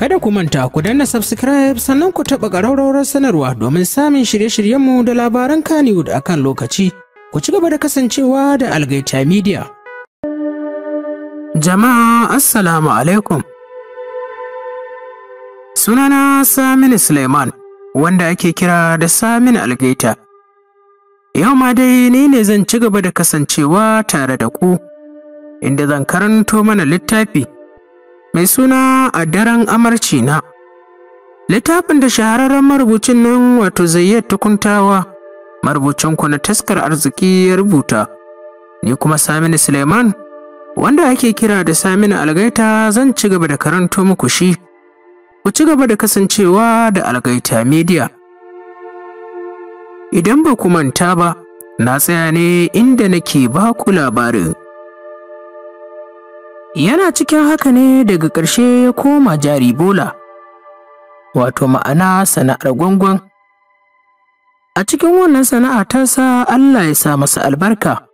Kada ku manta ku danna subscribe sannan ku taɓa garaurawar sanarwa domin samun shirye-shiryenmu da labaran Kannywood akan lokaci. Ku ci gaba da kasancewa da Algaita Media. Jama'a Assalamu alaikum. Sunana Saminu Suleiman wanda ake kira da Samin Algaita. Yau ma dai ni ne zan ci gaba da kasancewa tare da ku, inda zan karanto mana littafi. mai suna a daren amarci na littafin da shahararren marubucin nan wato zayyar tukuntawa marubucin ku na taskar arziki ya rubuta ni kuma saminu suleiman wanda ake kira da saminu algaita zan ci gaba da karanto muku shi ku ci gaba da kasancewa da algaita media idan ba ku manta ba na tsaya ne inda nake ba ku labarin yana cikin haka ne daga ƙarshe ya koma jari bola wato ma'ana sana'ar gwangwan a cikin wannan sana'a tasa allah ya sa masa albarka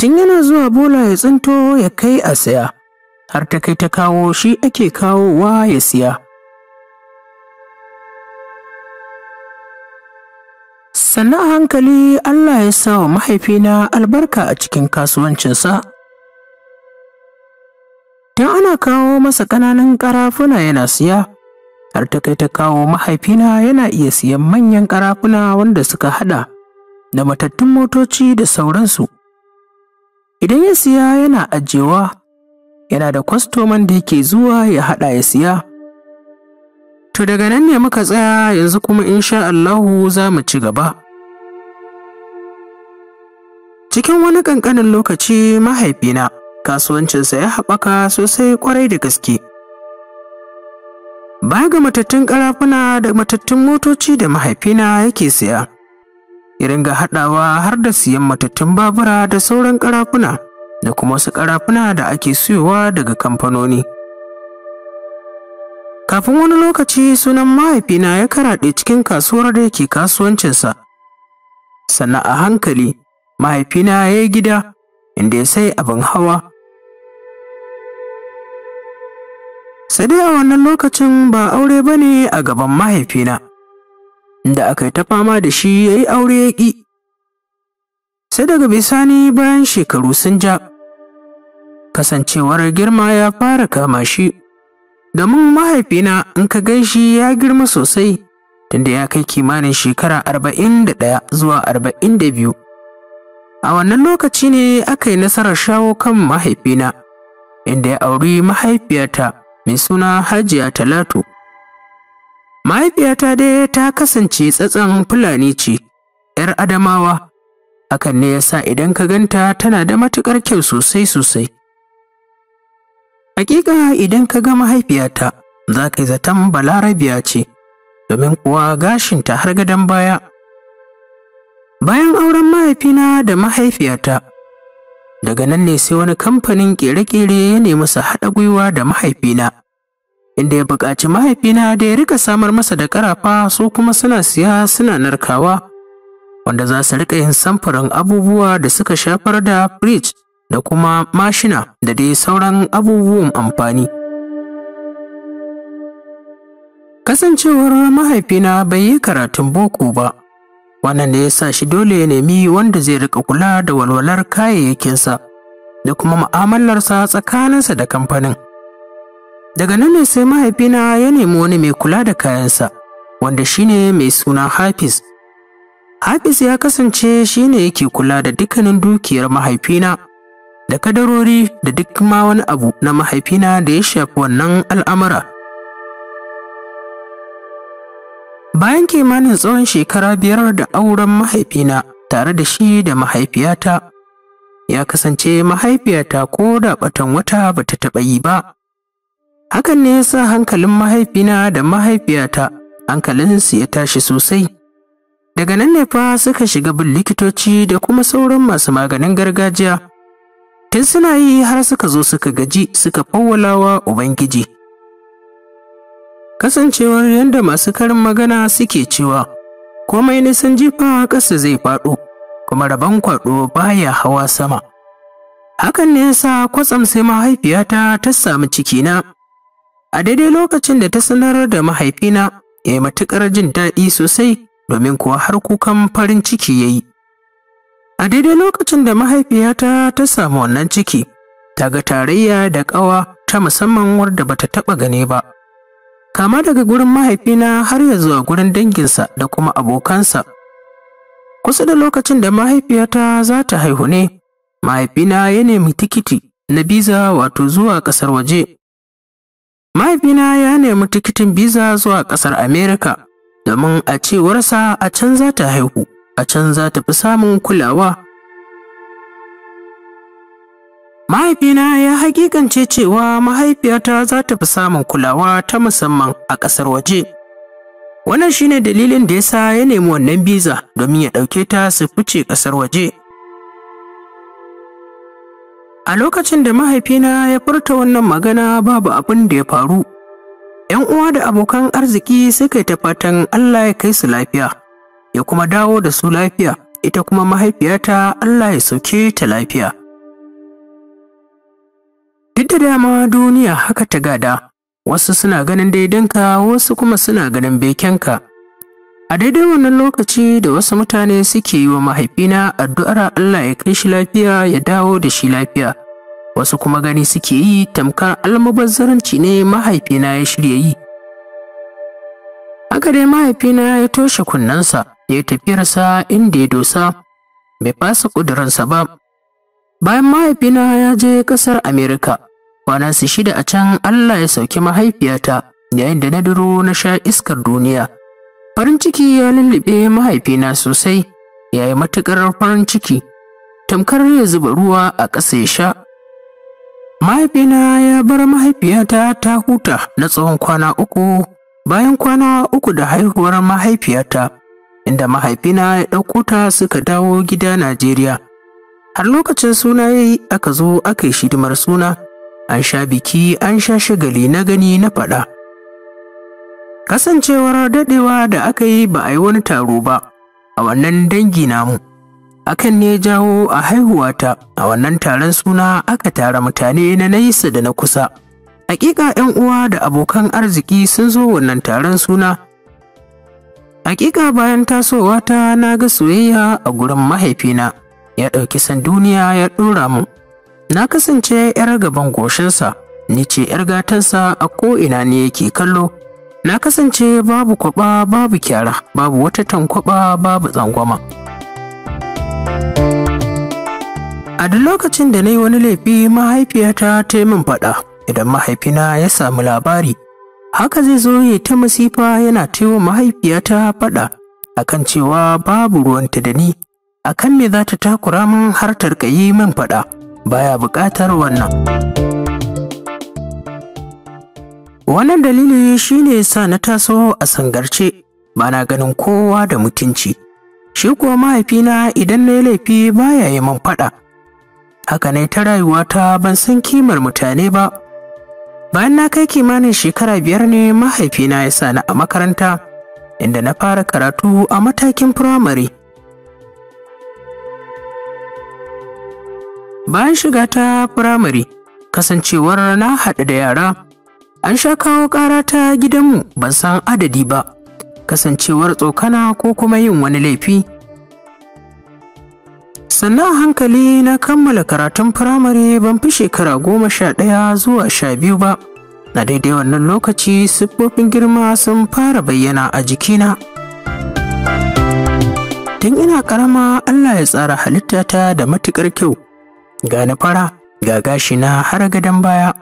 tun yana zuwa bola ya tsinto ya kai a saya har ta kai ta kawo shi ake kawowa ya siya Sana'a hankali allah ya sa wa mahaifina albarka a cikin kasuwancinsa Ya ana kawo masa ƙananan ƙarafuna yana siya har ta kai ta kawo mahaifina yana iya siyan manyan ƙarafuna wanda suka haɗa da matattun motoci da sauransu idan ya siya yana ajiyewa yana da kwastoman da yake zuwa ya haɗa ya siya to daga nan ne muka tsaya yanzu kuma insha Allahu za mu ci gaba cikin wani ƙanƙanin lokaci mahaifina kasuwancinsa ya haɓaka sosai ƙwarai da gaske. Baya ga matattun ƙarafuna da matattun motoci da mahaifina yake saya, irin ga haɗawa har da siyan matattun babura da sauran ƙarafuna da kuma wasu ƙarafuna da ake siyowa daga kamfanoni. Kafin wani lokaci sunan mahaifina ya karaɗe cikin kasuwar da yake kasuwancinsa. Sannan a hankali, mahaifina ya yi gida inda ya sai abin hawa sai dai a wannan lokacin ba aure ba ne a gaban mahaifina da aka yi ta fama da shi ya yi aure ya ƙi sai daga bisani bayan shekaru sun ja kasancewar girma ya fara kama shi domin mahaifina in ka gan shi ya girma sosai tunda ya kai kimanin shekara arba'in da ɗaya zuwa arba'in da biyu. A wannan lokaci ne aka yi nasarar shawo kan mahaifina, inda ya auri mahaifiyarta. mai suna Hajiya Talatu. Mahaifiyata dai ta kasance tsatsan Fulani ce, ‘yar Adamawa, hakan ne yasa idan ka ganta tana da matuƙar kyau sosai sosai. Hakika idan ka ga mahaifiyata, za ka yi zaton balarabiya ce, domin kuwa gashinta har gadon baya. Bayan auren mahaifina da mahaifiyata, Daga nan ne sai wani kamfanin ƙere-ƙere ya nemi su haɗa gwiwa da mahaifina, inda ya buƙaci mahaifina da ya rika samar masa da ƙarafa su kuma suna siya suna narkawa, wanda za su rika yin samfurin abubuwa da suka shafar da fridge da kuma mashina da dai sauran abubuwan amfani. Kasancewar mahaifina bai yi karatun boko ba, wannan ne ya sa shi dole ya nemi wanda zai rika kula da walwalar kayayyakinsa da kuma mu'amalarsa tsakaninsa da kamfanin daga nan ne sai mahaifina ya nemi wani mai kula da kayansa wanda shine mai suna hafiz hafiz ya kasance shine yake kula da dukkanin dukiyar mahaifina da kadarori da duk ma wani abu na mahaifina da ya shafi wannan al'amura Bayan kimanin tsawon shekara biyar da auren mahaifina tare da shi da mahaifiyata, ya kasance mahaifiyata ko da batan wata ba ta taɓa yi ba. Hakan ne ya sa hankalin mahaifina da mahaifiyata hankalinsu ya tashi sosai. Daga nan ne fa suka shiga bin likitoci da kuma sauran masu maganin gargajiya. Tun suna yi har suka zo suka gaji suka fawwalawa Ubangiji. kasancewar yadda masu karin magana suke cewa komai nisan jifa ƙasa zai faɗo kuma rabon kwaɗo baya hawa sama hakan ne yasa kwatsam sai mahaifiyata ta samu cikina a daidai lokacin da ta sanar da mahaifina ya yi matuƙar jin daɗi sosai domin kuwa har kukan farin ciki ya yi. A daidai lokacin da mahaifiyata ta samu wannan ciki, ta ga tarayya da ƙawa ta musamman wadda bata taɓa gani ba. kama daga gurin mahaifina har ya zuwa gurin danginsa da kuma abokansa. Kusa da lokacin da mahaifiyata za ta haihu ne, mahaifina ya nemi tikiti na biza wato zuwa ƙasar waje. Mahaifina ya nemi tikitin biza zuwa ƙasar Amerika domin a cewarsa a can za ta haihu, a can za ta fi samun kulawa. Mahaifina ya hakikance cewa mahaifiyata za ta fi samun kulawa ta musamman a ƙasar waje. Wannan shine dalilin da ya sa ya nemi wannan biza domin ya ɗauke ta su fice ƙasar waje. A lokacin da mahaifina ya furta wannan magana babu abin da ya faru. ‘Yan uwa da abokan arziki suka yi ta fatan Allah ya kai su lafiya, ya kuma dawo da su lafiya, ita kuma mahaifiyata Allah ya sauke ta lafiya. Duk da dama duniya haka ta gada, wasu suna ganin daidanka wasu kuma suna ganin bekenka. A daidai wannan lokaci da wasu mutane suke yi wa mahaifina addu'ar Allah ya kai shi lafiya ya dawo da shi lafiya. Wasu kuma gani suke yi tamkar almubazzaranci ne mahaifina ya shirya yi. Haka dai mahaifina ya toshe kunnensa ya yi tafiyarsa inda ya dosa, bai fasa ƙudurinsa ba, Bayan mahaifina ya je ƙasar Amerika, su shida a can Allah ya sauki mahaifiyata yayin da na duro na sha iskar duniya. Farin ciki ya lullube mahaifina sosai, ya yi matuƙar farin ciki, tamkar ya zuba ruwa a ƙasa ya sha. Mahaifina ya bar mahaifiyata ta huta na tsawon kwana uku bayan kwana uku da haihuwar mahaifiyata, inda mahaifina ya ɗauko ta suka dawo gida Najeriya. har lokacin suna ya yi aka zo aka yi shidimar suna an sha biki an sha shagali na gani na faɗa kasancewar daɗewa da aka yi ba a yi wani taro ba a wannan dangi namu akan ne jawo a haihuwata a wannan taron suna aka tara mutane na nayisa da na kusa hakika yan uwa da abokan arziki sun zo wannan taron suna hakika bayan tasowata na ga soyayya a gurin mahaifina ya ɗauki duniya ya ɗora mu. Na kasance 'yar gaban goshinsa, ni ce 'yar gatansa a ko'ina ne yake kallo. Na kasance babu kwaɓa, babu kyara, babu wata tankwaɓa, babu tsangwama. A duk lokacin da na yi wani laifi mahaifiyata ta yi min faɗa, idan mahaifina ya samu labari, haka zai zo ya ta masifa yana wa mahaifiyata faɗa akan cewa babu ruwanta da ni. a kan me za ta takura min har tarkayi min faɗa baya buƙatar wannan wannan dalili shine sa na taso a sangarce ba ganin kowa da mutunci shi kuwa mahaifina idan na yi laifi baya yi min faɗa haka ne ta rayuwata ban san kimar mutane ba bayan na kai kimanin shekara biyar ne mahaifina ya sa ni a makaranta inda na fara karatu a matakin firamare bayan shiga ta firamare kasancewar na haɗu da yara an sha kawo ƙara ta gidanmu ban san adadi ba kasancewar tsokana ko kuma yin wani laifi sannan hankali na kammala karatun firamare ban fi shekara goma sha ɗaya zuwa sha biyu ba na daidai wannan lokaci siffofin girma sun fara bayyana a jikina tun ina ƙarama allah ya tsara halittata da matuƙar kyau ga na fara ga gashi na har gadon baya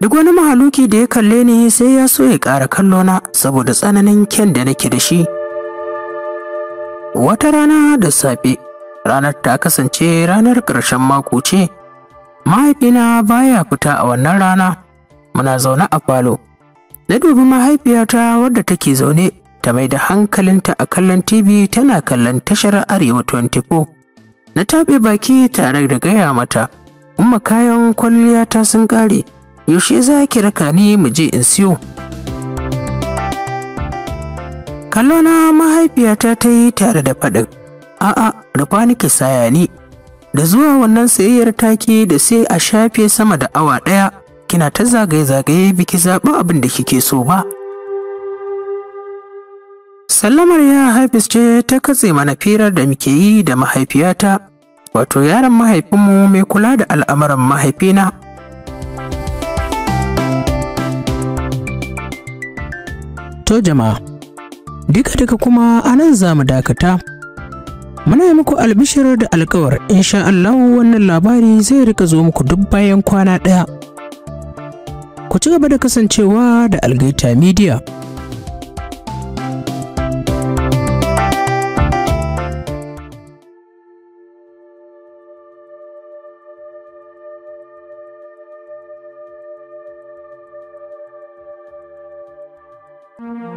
duk wani mahaluki da ya kalle ni sai ya so ya ƙara kallo na saboda tsananin kyan da nake da shi wata rana da safe ranar ta kasance ranar ƙarshen mako ce mahaifina baya fita a wannan rana muna zaune a falo na dubi mahaifiyata wadda take zaune ta mai da hankalinta a kallon tv tana kallon tashar arewa 24 Na taɓe baki tare da gaya mata, Umma kayan kwalliya ta sun ƙare, yaushe za ki raka ni mu je in siyo. Kallona mahaifiyata ta yi tare da faɗin, A'a, rufa nake saya ni. Da zuwa wannan sayayyar taki da sai a shafe sama da awa ɗaya, kina ta zagaye-zagaye biki zaɓi abin da kike so ba. Sallamar ya Hafiz ce ta katse mana firar da muke yi da mahaifiyata, wato yaran mahaifinmu mai kula da al'amuran mahaifina. To jama'a, duka-duka kuma a nan za mu dakata. Muna yi muku albishir da alkawar, insha Allah wannan labari zai rika zo muku duk bayan kwana ɗaya. Ku ci gaba da kasancewa da Algaita Media. Mm-hmm.